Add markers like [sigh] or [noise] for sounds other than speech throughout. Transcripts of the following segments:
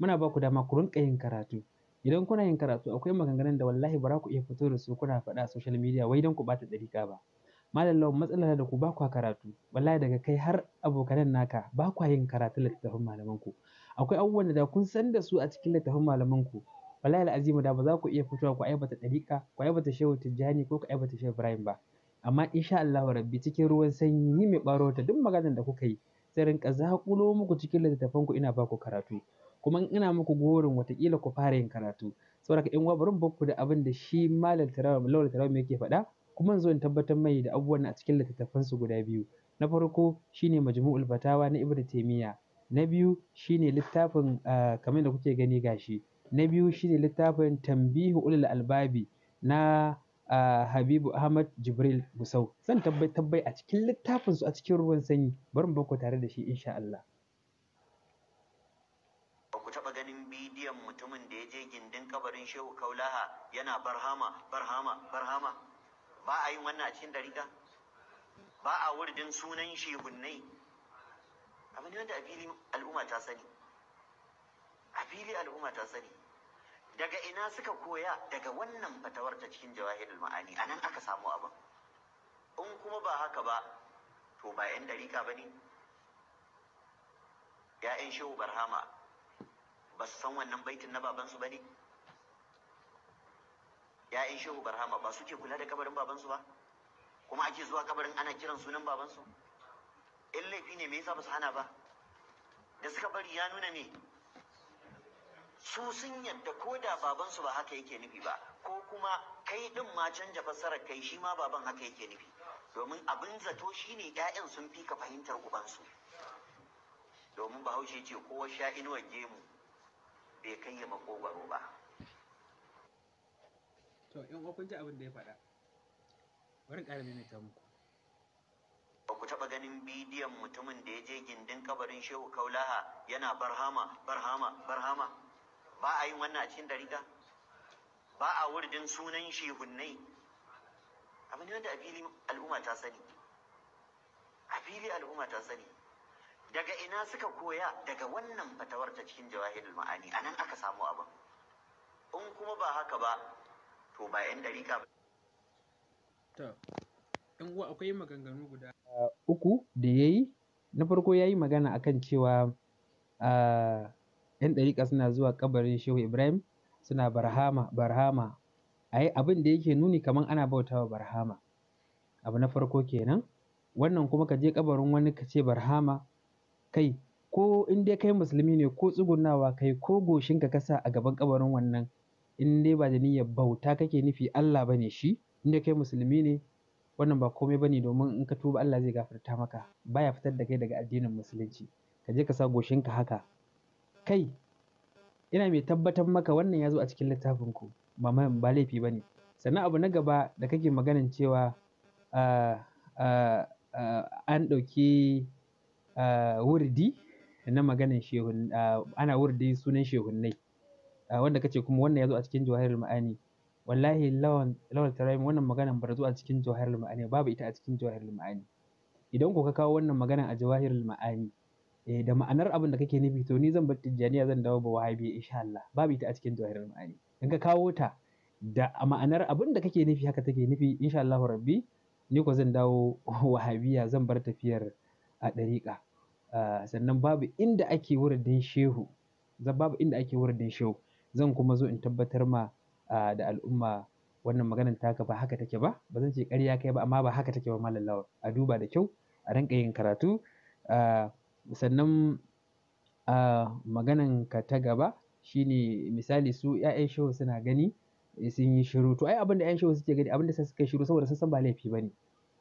muna ba ku dama ku rinƙa yin karatu. Idan kuna yin karatu akwai maganganun da wallahi ba za ku iya fito da su kuna faɗa a social media wai don ku ɓata ɗariƙa ba. Malam Lawan matsalar da ku ba kwa karatu wallahi daga kai har abokanan naka ba kwa yin karatu littattafan malamanku. Akwai abubuwan da kun san da su a cikin littattafan malamanku wallahi al'azimu da ba za ku iya fitowa ku aibata ɗariƙa ku aibata Shehu Tijjani ko ku aibata Shehu Ibrahim ba. Amma insha Allahu rabbi cikin ruwan sanyi ni mai ɓarota duk maganar da kuka yi sai rinƙa zaƙulo muku cikin littattafanku ina ba ku karatu. kuma ina muku gorin watakila ku fara yin karatu saboda haka wa barin boko da abin da shi malam Tarawa mai Tarawa yake faɗa kuma in zo in tabbatar mai da abubuwan a cikin su guda biyu na farko shine majmu'ul fatawa na ibnu taymiya na biyu shine littafin ah, kamar da kuke gani gashi na biyu shine littafin tambihu ulul albabi na ah, Habibu Ahmad Jibril Busau. zan tabbai a cikin littafin su a cikin ruwan sanyi Barin mu tare da shi insha Allah yana barhama barhama barhama ba a yin wannan a cikin dariƙa ba a wurdin sunan shehunnai abu ne wanda a fili al'umma ta sani a fili al'umma ta sani daga ina suka koya daga wannan fatawar ta cikin jawahirul ma'ani anan aka samu abin in kuma ba haka ba to ba 'yan dariƙa ba ne ‘ya'yan shehu barhama ba su san wannan baitin na babansu ba ne ya'yan shehu barhama ba suke kula da kabarin babansu ba kuma ake zuwa kabarin ana kiran sunan babansu in laifi ne me yasa ba su hana ba da suka bari ya nuna ne su sun yadda ko da babansu ba haka yake nufi ba ko kuma kai din ma canja fassarar kai shi ma baban haka yake nufi domin abin zato shine 'ya'yan sun fi ka fahimtar ubansu domin bahaushe ce kowa sha inuwar gemu bai kai ya makogwaro ba to yan uwa kun ji abin da ya faɗa bari ƙara maimaita muku ba ku taɓa ganin bidiyon mutumin da ya je gindin kabarin shehu kaulaha yana barhama barhama barhama ba a yin wannan a cikin dariga ba a wurdin sunan shehunnai abu ne wanda a fili al'umma ta sani a fili al'umma ta sani daga ina suka koya daga wannan fatawar ta cikin jawahirul ma'ani anan aka samu abin in kuma ba haka ba to ba 'yan ba. To, ɗan uwa akwai maganganu guda. Ah, uku da ya yi, na farko ya yi magana akan cewa ah, ‘yan ɗarika suna zuwa kabarin Shehu Ibrahim suna barhama, barhama. A yi abin da yake nuni kamar ana bautawa barhama. Abu na farko kenan, wannan kuma ka je ƙabarin wani ka ce barhama kai ko in dai kai musulmi ne ko tsugunawa kai ko goshinka ka sa a gaban ƙabarin wannan in dai ba da niyyar bauta kake nufi Allah ba shi, in dai kai musulmi ne wannan ba komai ba ne domin in ka tuba Allah zai gafarta maka. Baya fitar da kai daga addinin musulunci. Ka je ka sa goshinka haka. Kai, ina mai tabbatar maka wannan ya zo a cikin littafin ku ba ba laifi ba ne. Sannan abu na gaba da kake maganin cewa an ɗauki wurdi na maganin shehun ana wurdi sunan shehunnai. wanda kace kuma wannan ya zo a cikin jawahirul ma'ani wallahi lawan lawal tarayim wannan maganan bar zo a cikin jawahirul ma'ani babu ita a cikin jawahirul ma'ani idan ko ka kawo wannan maganan a jawahirul ma'ani eh da ma'anar abin da kake nufi to ni zan bar tijjaniya zan dawo ba wahabi insha Allah babu ita a cikin jawahirul ma'ani in ka kawo ta da ma'anar abin da kake nufi haka take nufi insha Allah rabbi ni ko zan dawo [laughs] wahabiya zan bar tafiyar a dariƙa, ah, sannan babu inda ake wuridin shehu babu inda ake wuridin shehu zan kuma zo in tabbatar ma da al'umma wannan maganan taka ba haka take ba ba zan ce ƙarya kai ba amma ba haka take ba malam a duba da kyau a rinka yin karatu sannan maganan ka ta gaba shine misali su 'ya'yan shehu suna gani eh, sun yi shiru to ai abin da 'ya'yan shehu suke gani abin da sai suka shiru saboda sun san ba laifi bane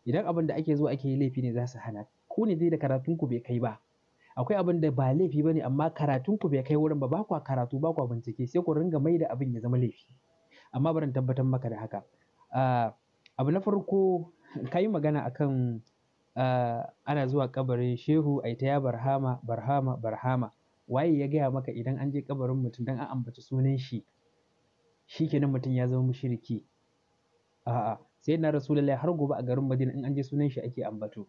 idan abin da ake zuwa ake yi laifi ne za su hana ku ne dai da karatun ku bai kai ba akwai abin da ba laifi ba ne amma karatun ku bai kai wurin ba ba kwa karatu ba kwa bincike sai ku ringa mai da abin ya zama laifi amma barin tabbatar maka da haka ah, abu na farko ka yi magana akan ah, ana zuwa kabarin shehu ai ta ya barhama barhama barhama waye ya gaya maka idan an je kabarin mutum dan an ambaci sunan shi shikenan mutum ya zama mushriki a'a sai na rasulullahi har gobe a garin madina in an je sunan shi ake ambato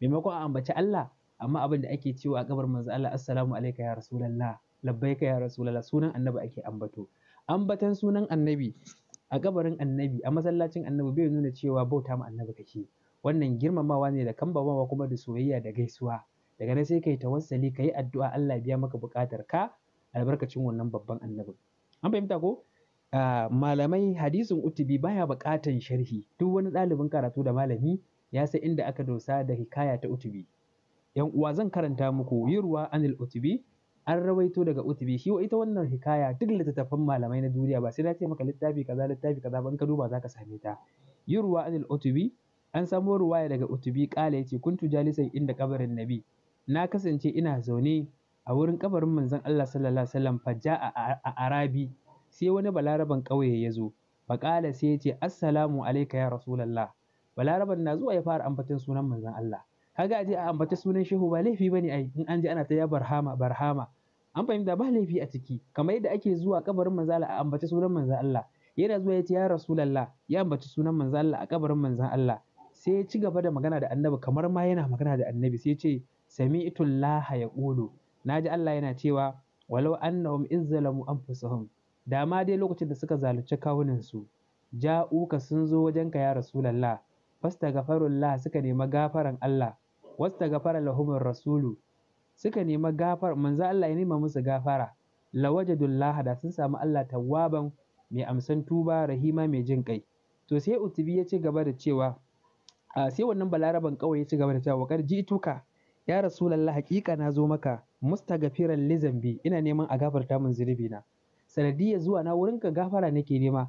maimakon a ambaci Allah amma abin da ake cewa a kabar manzo Allah assalamu alayka ya rasulullah labbaika ya rasulullah sunan annabi ake ambato ambatan sunan annabi a kabarin annabi a masallacin annabi bai nuna cewa bauta ma annabi kake wannan girmamawa ne da kambamawa kuma da soyayya da gaisuwa daga nan sai kai tawassali kai addu'a Allah biya maka bukatar ka albarkacin wannan babban annabi. an fahimta ko ah, malamai hadisin utubi baya bukatan sharhi duk wani ɗalibin karatu da malami ya sai inda aka dosa da hikaya ta utubi yan uwa zan karanta muku yirwa anil utubi an rawaito daga utubi shi wa ita wannan hikaya duk littattafan malamai na duniya ba sai na ce maka littafi kaza littafi kaza ba ka duba zaka same ta yirwa anil utubi an samo ruwaya daga utubi kala yace kuntu jalisan inda kabarin nabi na kasance ina zaune a wurin kabarin manzon Allah sallallahu alaihi wasallam fajja a arabi sai wani balaraban ƙauye ya zo faƙala sai ya ce assalamu alaika ya rasulallah balaraban na zuwa ya fara ambaton sunan manzon Allah kaga aje a ambaci sunan shehu ba laifi bane ai in an je ana ta ya barhama barhama an fahimta ba laifi a ciki kamar yadda ake zuwa kabarin manzo Allah a ambata sunan manzo Allah yana zuwa ya rasu ya rasulullah ya ambaci sunan manzo Allah a kabarin manzo Allah sai ya ci gaba da magana da annabi kamar ma yana magana da annabi sai ya ce laha yaqulu naji Allah yana cewa walau annahum izzalamu anfusahum da ma dai lokacin da suka zalunci kawunan su ja'uka sun zo wajenka ya rasulullah gafarullah suka nemi gafaran Allah wasta gafara lahumur rasulu suka nemi gafar manzo Allah ya nema musu gafara laha da sun samu Allah tawwaban mai amsan tuba rahima mai jin kai to sai utubi ya ci gaba da cewa sai wannan balaraban kawai ya ci gaba da cewa wakar jituka ya rasulullahi haƙiƙa na zo maka mustagfiran li zambi ina neman a gafarta min zunubi na sanadiyya zuwa na wurin ka gafara nake nema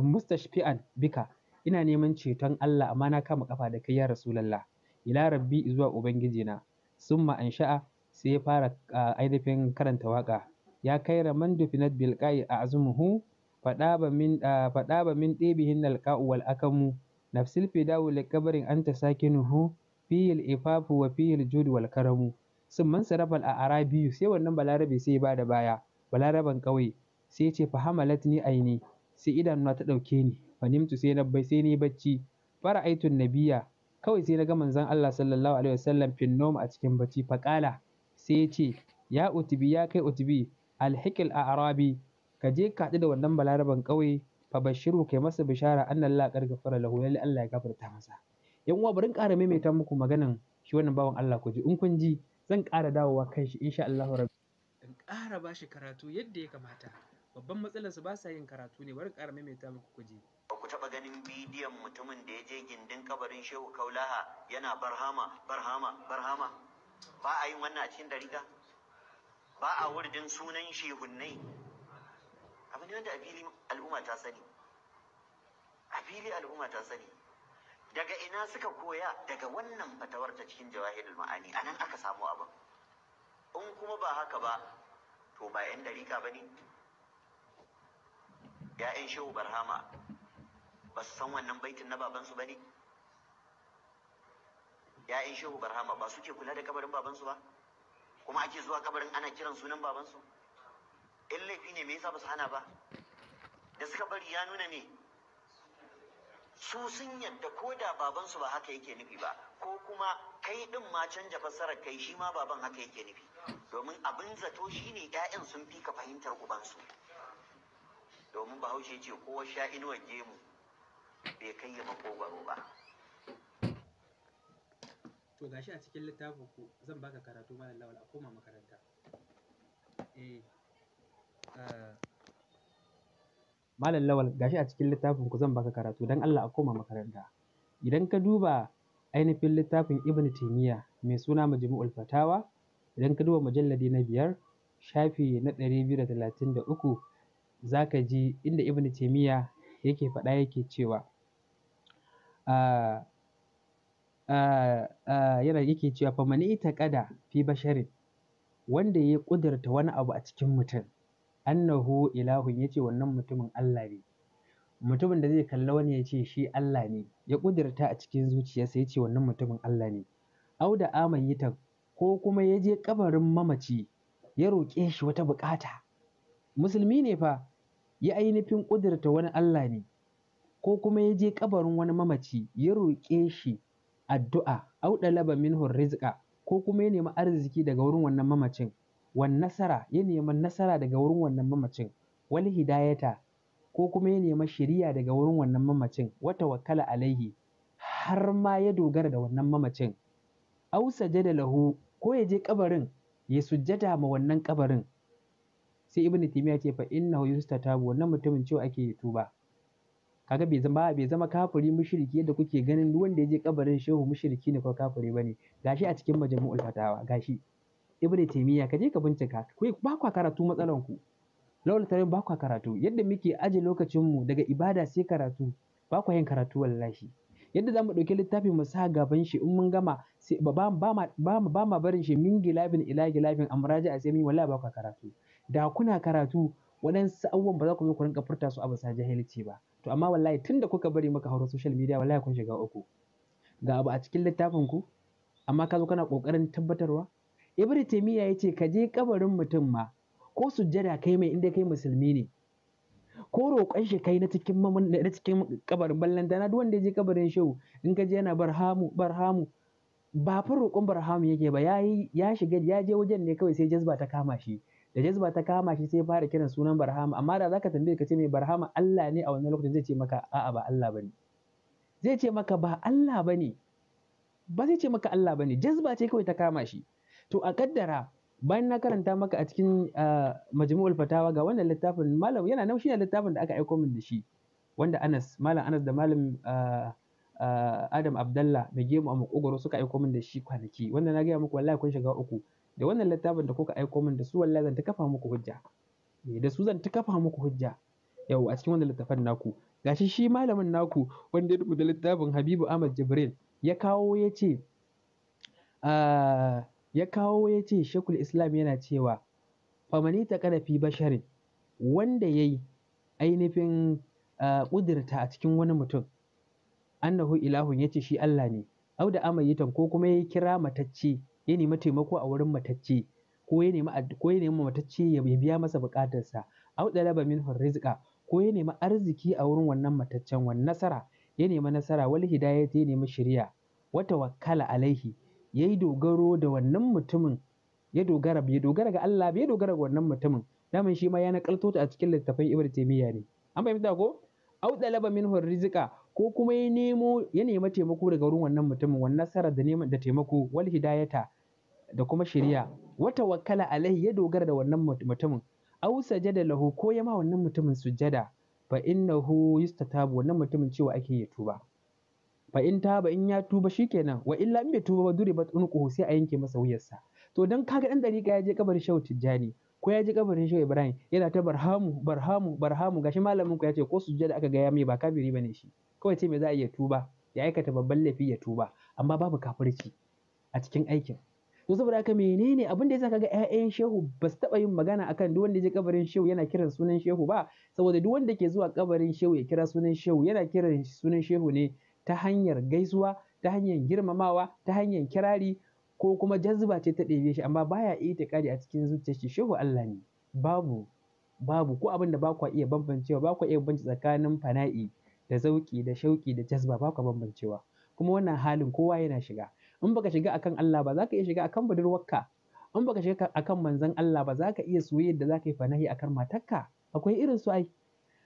mustashfi'an bika ina neman ceton Allah amma na kama kafa da kai ya Rasulallah ila rabbi zuwa ubangijina summa ansha'a sai ya fara ainihin karanta waƙa ya kai man dufinat bil qa'i azmuhu fadaba min fadaba min dibihin al wal akamu nafsil fidawu li ta anta sakinuhu fil ifafu wa fil jud wal karamu sun man a arabiyu sai wannan balarabe sai ba da baya balaraban kawai, sai ce fa hamalat ni aini sai idanuna ta ɗauke ni Fanimtu sai na bai sai ni bacci fara'aitun nabiyya kawai sai na ga manzon Allah sallallahu alaihi wasallam fin nom a cikin bacci fa sai ya ce ya utubi ya kai Alhikil a a'rabi ka je ka da wannan balaraban ƙauye fa bashiru kai masa bishara annal la kargafara lahu lalle Allah ya gafarta masa yan uwa bari ƙara maimaita muku maganan shi wannan bawan Allah ku ji in kun ji zan ƙara dawowa kan shi insha Allah rabbi in ƙara bashi karatu yadda ya kamata babban matsalar su ba sa yin karatu ne bari ƙara maimaita muku kuje ba ku taɓa ganin bidiyon mutumin da ya je gindin kabarin shehu kaulaha yana barhama barhama barhama ba a yin wannan a cikin dariga ba a wurdin sunan shehunnai abu ne wanda a fili al'umma ta sani a fili al'umma ta sani daga ina suka koya daga wannan fatawar ta cikin jawahirul ma'ani anan aka samu abin in kuma ba haka ba to ba 'yan dariƙa ba ne 'ya'yan shehu barhama ba su san wannan baitin na babansu ba ne ‘ya'yan shehu barhama ba suke kula da kabarin babansu ba kuma ake zuwa kabarin ana kiran sunan babansu in laifi ne me yasa ba su hana ba da suka bari ya nuna ne? su sun yadda ko da babansu ba haka yake nufi ba ko kuma kai din ma canja fassarar kai shi ma baban haka yake nufi domin abin zato shine ‘ya'yan sun fi ka fahimtar ubansu. domin bahaushe ce kowa sha inuwan gemu bai kai ya makogwaro ba to gashi a cikin littafin ku zan baka karatu malam lawal a koma makaranta eh, eh malam lawal gashi a cikin littafin ku zan baka karatu dan Allah a koma makaranta idan ka duba ainihin littafin ibn taymiya mai suna majmu'ul fatawa idan ka duba mujalladi na biyar shafi na ɗari biyu da talatin da uku za ka ji inda Ibn Taymiyyah yake faɗa yake cewa, ah, ah, ah, yana yake cewa fa man i'taqada fi basharin wanda ya ƙudirta wani abu a cikin mutum annahu ilahun yace wannan mutumin Allah ne mutumin da zai kalla wani ya ce shi Allah ne ya ƙudirta a cikin zuciyarsa yace wannan mutumin Allah ne au da yita ko kuma ya je kabarin mamaci ya roƙe shi wata bukata musulmi ne fa ya ainihin ƙudurta wani Allah ne ko kuma ya je ƙabarin wani mamaci ya roƙe shi addu'a auɗalaba minhu rizqa ko kuma ya nemi arziki daga wurin wannan mamacin wan nasara ya nemi nasara daga wurin wannan mamacin wal hidayata ko kuma ya nemi shiriya daga wurin wannan mamacin wa tawakkala alaihi har ma ya dogara da wannan mamacin au sajada lahu ko ya je ƙabarin ya sujjada ma wannan ƙabarin? sai ibnu taymiya ce fa innahu yustatabu wannan mutumin cewa ake tuba kaga bai zama bai zama kafiri mushriki yadda kuke ganin duk wanda je kabarin shehu mushriki ne ko kafiri bane gashi a cikin majmu'ul fatawa gashi ibn taymiya ka je ka bincika ku ba ku karatu matsalan ku lawal tare ba ku karatu yadda muke aje lokacin mu daga ibada sai karatu ba ku yin karatu wallahi yadda zamu dauki littafin mu sa gaban shi in mun gama ba ma ba ma barin shi min gilabin ila gilabin amraja a sai min wallahi ba ku karatu da kuna karatu waɗansu abubuwan ba za ku zo ku rinka furta su a bisa jahilci ba to amma wallahi tun da kuka bari muka hauro social media wallahi kun shiga uku ga abu a cikin littafin ku amma ka zo kana kokarin tabbatarwa ibnu taymiya ya ce ka je kabarin mutum ma ko sujjada kai mai inda kai musulmi ne ko roƙon shi kai na cikin na cikin kabarin dana duk wanda ya je kabarin shehu in ka je yana barhamu barhamu ba fa roƙon barhamu yake ba ya shiga ya je wajen ne kawai sai jazba ta kama shi da jazba ta kama shi sai fara kiran sunan barhama amma da zaka tambaye ka ce mai barhama Allah ne a wannan lokacin zai ce maka a'a ba Allah bane zai ce maka ba Allah bane ba zai ce maka Allah bane jazba ce kawai ta kama shi to a kaddara bayan na karanta maka a cikin majmu'ul fatawa ga wannan littafin malam yana nan shi ne littafin da aka aiko min da shi wanda Anas malam Anas da malam Adam Abdullah mai gemu a makogoro suka aiko min da shi kwanaki wanda na gaya muku wallahi kun shiga uku da wannan littafin da kuka aiko min da su wallahi zan ta kafa muku hujja eh, da su zan ta kafa muku hujja yau a cikin wannan littafin naku gashi shi malamin naku wanda ya rubuta littafin Habibu Ahmad Jibril ya kawo ya ce ah, ya kawo ya ce Shekul Islam yana cewa famani ta karafi basharin wanda yayi ainihin ah, ƙudirta a cikin wani mutum annahu ilahun ce shi Allah ne au da amayitan ko kuma ya kira matacce ya nemi taimako a wurin matacce ko ya nemi ko ya nemi matacce ya biya masa buƙatarsa au dalaba min rizqa ko ya nemi arziki a wurin wannan mataccen wan nasara ya nemi nasara wal hidayati ya nemi shari'a wa tawakkala alaihi yayi dogaro da wannan mutumin ya dogara bai dogara ga Allah bai dogara ga wannan mutumin daman shi ma ya nakalto ta a cikin littafin ibnu taymiya ne an fahimta ko au dalaba min rizqa ko kuma ya nemo ya nemi taimako daga wurin wannan mutumin wannan nasara da neman da taimako wal hidayata da kuma shiriya wata wakala alaihi ya dogara da wannan mutumin au sajada lahu ko ya ma wannan mutumin sujjada fa innahu yustatabu wannan mutumin cewa ake ya tuba fa in taba in ya tuba shikenan wa illa in bai tuba ba dure ba unquhu sai a yanke masa wuyarsa to dan kaga dan dariƙa ya je kabarin Shehu Tijjani ko ya je kabarin Shehu Ibrahim yana ta barhamu barhamu barhamu gashi malamin ku ya ce ko sujada aka ga ya mai ba kafiri bane shi kawai ce me za a ya tuba ya aikata babban laifi ya tuba amma babu kafirci a cikin aikin to saboda haka menene abin da yasa kaga ƴaƴan shehu ba su taɓa yin magana akan duk wanda ya je kabarin shehu yana kiran sunan shehu ba saboda duk wanda ke zuwa kabarin shehu ya kira sunan shehu yana kiran sunan shehu ne ta hanyar gaisuwa ta hanyar girmamawa ta hanyar kirari ko kuma jazba ce ta ɗebe shi amma baya kari a cikin zuciyar shi shehu Allah ne babu babu ko abin da ba ku iya bambancewa ba ku iya bambance tsakanin fana'i da zauki da shauki da jazba ba ku bambancewa kuma wannan halin kowa yana shiga in baka shiga akan Allah ba za ka iya shiga akan budurwarka in baka shiga akan manzon Allah ba za ka iya soyayya da za ka yi fanahi akan matarka akwai irin su ai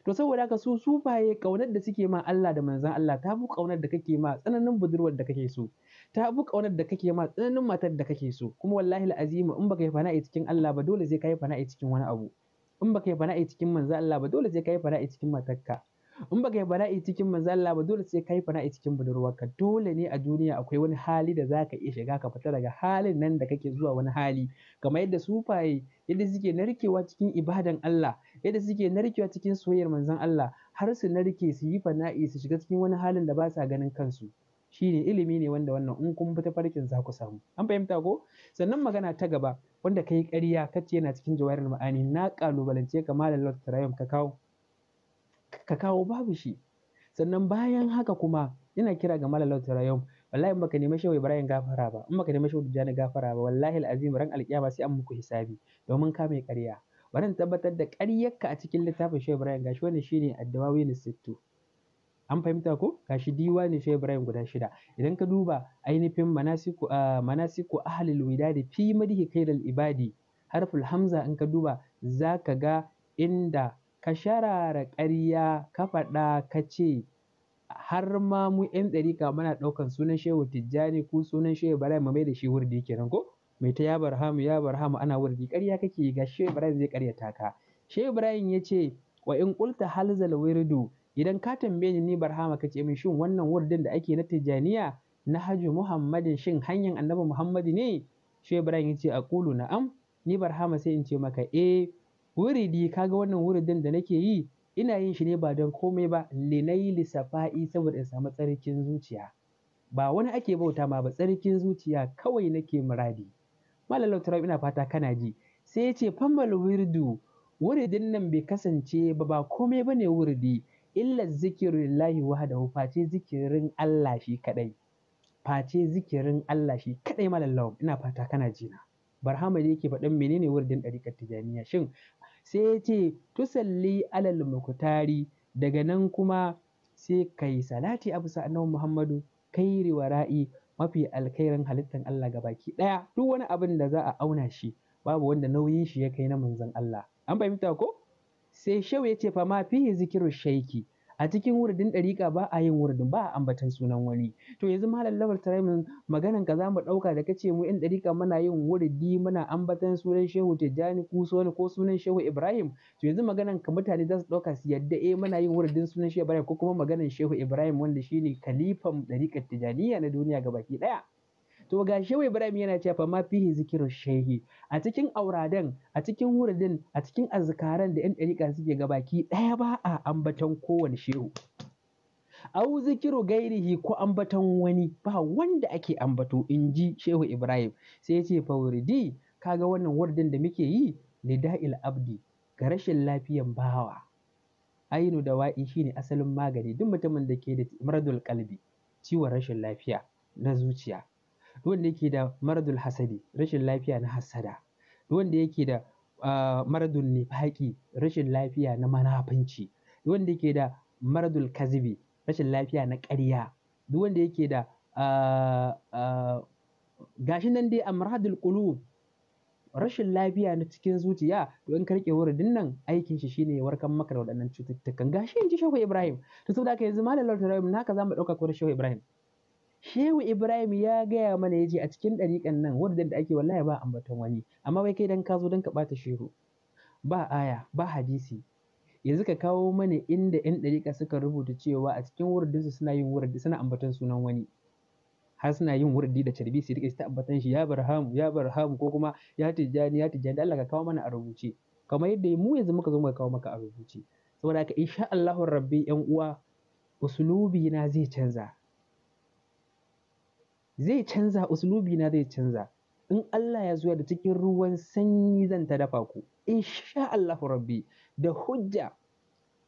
to saboda haka su sufaye kaunar da suke ma Allah da manzon Allah ta bu kaunar da kake ma tsananin budurwar da kake so ta bu kaunar da kake ma tsananin matar da kake so kuma wallahi al'azim in baka yi fana'i cikin Allah ba dole sai ka yi fana'i cikin wani abu in baka yi fana'i cikin manzon Allah ba dole sai ka yi fana'i cikin matarka in baka yi bala'i cikin mazalla ba dole sai ka yi bala'i cikin budurwarka dole ne a duniya akwai wani hali da zaka iya shiga ka fita daga halin nan da kake zuwa wani hali kamar yadda sufaye yadda suke narkewa cikin ibadan Allah yadda suke narkewa cikin soyayyar manzon Allah har su narke su yi fana'i su shiga cikin wani halin da ba sa ganin kansu shine ilimi ne wanda wannan in kun fita farkin za ku samu an fahimta ko sannan magana ta gaba wanda kai ƙarya kace yana cikin jawarin ma'ani na kalubalance ka malam Lord Tarayum ka kawo ka kawo babu shi sannan bayan haka kuma ina kira ga malalauta yau wallahi in baka nemi shehu ibrahim gafara ba in baka nemi shehu tijjani gafara ba wallahi alazim ran alkiyama sai an muku hisabi domin ka mai ƙarya bari tabbatar da ƙaryarka a cikin littafin shehu ibrahim gashi wannan shine na sittu an fahimta ko gashi diwa ne shehu ibrahim guda shida idan ka duba ainihin manasiku manasiku ahlul widadi fi madhi kaidal ibadi harful hamza in ka duba zaka ga inda ka sharara ƙarya ka faɗa ka ce har ma mu 'yan ɗarika muna ɗaukan sunan Shehu Tijjani ko sunan Shehu Ibrahim mu mai da shi wurdi kenan ko mai ta ya barhamu ya barhamu ana wurdi ƙarya kake yi ga Shehu Ibrahim zai ƙaryata ka Shehu Ibrahim ya ce wa in ƙulta halzal wirdu idan ka tambaye ni ni ka ce min shin wannan wurdin da ake na Tijjaniya na Haji Muhammadin shin hanyar Annabi Muhammadu ne Shehu Ibrahim ya ce aqulu na'am ni barhama sai in ce maka eh Wuridi ka ga wannan wuridin da nake yi, ina yin shi ne ba don komai ba, yi lissafa'i saboda in samu tsarkin zuciya. Ba wani ake bauta ma ba, tsarkin zuciya kawai nake muradi. Malam Lautara ina fata kana ji. Sai ya ce fammal wirdu wuridin nan bai kasance ba, ba komai ba ne wuridi. Illa zikirullahi wahdahu face zikirin Allah shi kadai. Face zikirin Allah shi kadai, Malam ina fata kana ji na. Barhama yake faɗan menene wuridin ɗariƙar tijaniya Shin sai ya ce tusalli alal mukutari daga nan kuma sai ka yi salati a bisa annabi Muhammadu kairi wara'i mafi alkhairin halittan Allah gabaki ɗaya. Duk wani abin da za a auna shi babu wanda nauyin shi ya kai na manzon Allah. An fahimta ko? Sai shau ya ce fa ma fihi zikirin shaiki a cikin wuridin ɗariƙa ba a yin wuridin ba a ambatan sunan wani to yanzu malam lawal taramin maganan ka za mu ɗauka da kace mu 'yan ɗariƙa muna yin wuridi muna ambatan sunan shehu tijjani ku sunan ko sunan shehu ibrahim to yanzu maganan ka mutane za su ɗauka su yadda eh muna yin wuridin sunan shehu ibrahim ko kuma maganan shehu ibrahim wanda shine kalifan ɗariƙar tijjaniya na duniya gabaki ɗaya to ga shehu ibrahim yana cewa fa ma fihi zikiru shehi a cikin auradan a cikin wuridin a cikin azkaran da yan ɗariƙa suke ga baki ɗaya ba a ambaton kowane shehu au zikiru gairihi ko ambaton wani ba wanda ake ambato in ji shehu ibrahim sai ya ce fauridi kaga wannan wardin da muke yi lida'il abdi ga rashin lafiyan bawa ainu da wa'i shine asalin magani duk mutumin da ke da maradul kalbi ciwon rashin lafiya na zuciya wanda yake da maradul hasadi rashin lafiya na hassada, wanda yake da ah, maradul nifaki rashin lafiya na manafanci wanda yake da maradul kazibi rashin lafiya na ƙarya, wanda yake da Gashin ah, gashi nan dai amradul qulub rashin lafiya na cikin zuciya to in ka wuri, nan aikin shi shine ya warkar maka da waɗannan cututtukan gashi in ji Shehu Ibrahim to saboda haka yanzu malam Lawrence naka zamu ɗauka ko Shehu Ibrahim Shehu Ibrahim ya gaya mana ya ce a cikin ɗariƙan nan wadda da ake wallahi ba ambaton wani amma wai kai dan ka zo dan ka ɓata shehu ba aya ba hadisi yanzu ka kawo mana inda 'yan ɗariƙa suka rubuta cewa a cikin su suna yin wurdi suna ambaton sunan wani har suna yin wurdi da carbi su rike su ta ambaton shi ya barham ya barham ko kuma ya tijjani ya tijjani Allah ka kawo mana a rubuce kamar yadda mu yanzu muka zo muka kawo maka a rubuce saboda haka insha Allahu rabbi yan uwa usulubi na zai canza zai canza uslubi na zai canza in Allah ya zuwa da cikin ruwan sanyi zan ta dafa ku sha Allahu rabbi da hujja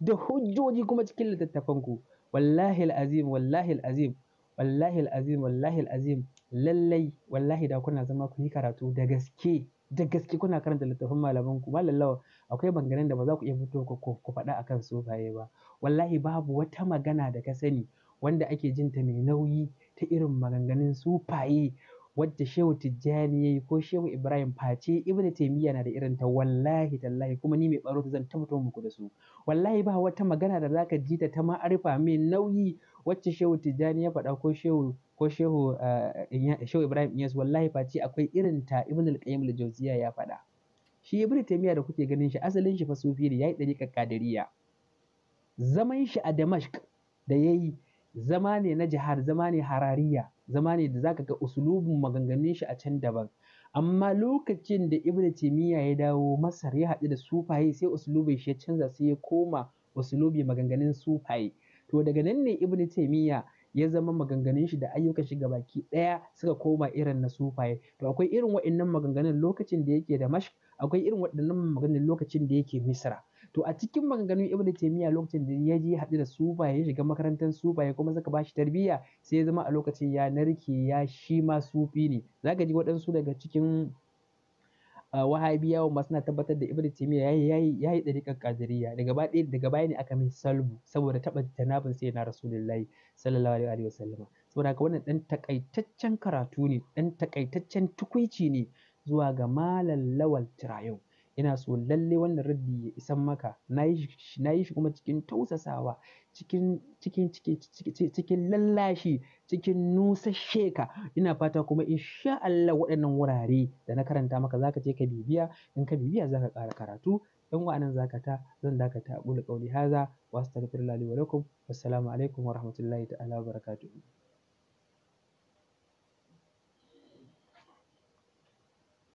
da hujjoji kuma cikin littattafan ku wallahi alazim wallahi alazim wallahi alazim wallahi alazim lallai wallahi da kuna zama ku yi karatu da gaske da gaske kuna karanta littattafan malaman ku lallawa akwai maganganun da ba za ku iya fito ku faɗa akan baye ba wallahi babu wata magana da ka sani wanda ake jinta mai nauyi ta irin maganganun sufaye wadda shehu tijjani ya yi ko shehu ibrahim face ibnu taimiyya na da irin ta wallahi tallahi kuma ni mai baro ta zan tabbatar muku da su wallahi ba wata magana da zaka ji ta ta ma'arifa mai nauyi wacce shehu tijjani ya faɗa ko shehu ko shehu eh, shehu ibrahim yes wallahi face akwai irin ta ibnu al-qayyim al-jawziya ya faɗa shi ibnu taimiyya da kuke ganin shi asalin shi fa sufi ne yayi dariƙar kadiriya. zaman shi a damashq da yayi zama ne na jihar zama ne harariya zama ne da zaka ga usulubin maganganun shi a can daban amma lokacin da ibnu taymiya ya dawo masar ya haɗu da sufaye sai usulubin shi ya canza sai ya koma usulubi maganganun sufaye to daga nan ne ibnu taymiya ya zama maganganun shi da ayyukan shi gabaki ɗaya suka koma irin na sufaye to akwai irin waɗannan maganganun lokacin da yake da mash akwai irin waɗannan maganganun lokacin da yake misra To a cikin maganganun Ibn Taymiyyah lokacin da ya je haɗu da sufaye ya shiga makarantar sufaye kuma saka bashi tarbiyya sai ya zama a lokacin ya narke ya shi ma sufi ne. Zaka ji waɗansu daga cikin wahabiyawa ma suna tabbatar da Ibn Taymiyyah yayi yayi ɗariƙar Qadiriyya daga baya daga baya ne aka mai salbu saboda taɓa janabin na Rasulullahi sallallahu alaihi wasallam. Saboda haka wannan ɗan takaitaccen karatu ne, ɗan takaitaccen tukuici ne zuwa ga Malam Lawal Tirayo. ina so lalle wannan raddi ya isan maka. Na yi shi, kuma cikin tausasawa, cikin, cikin, lallashi, cikin nusasshe ka. Ina fata kuma in sha Allah waɗannan wurare da na karanta maka za ka je ka bibiya. In ka bibiya za ka ƙara karatu. Yan uwa anan ta zan dakata. a bula hadha haza astaghfirullahi li wa lakum. Wassalamu alaikum wa rahmatullahi ta'ala wa barakatuhu.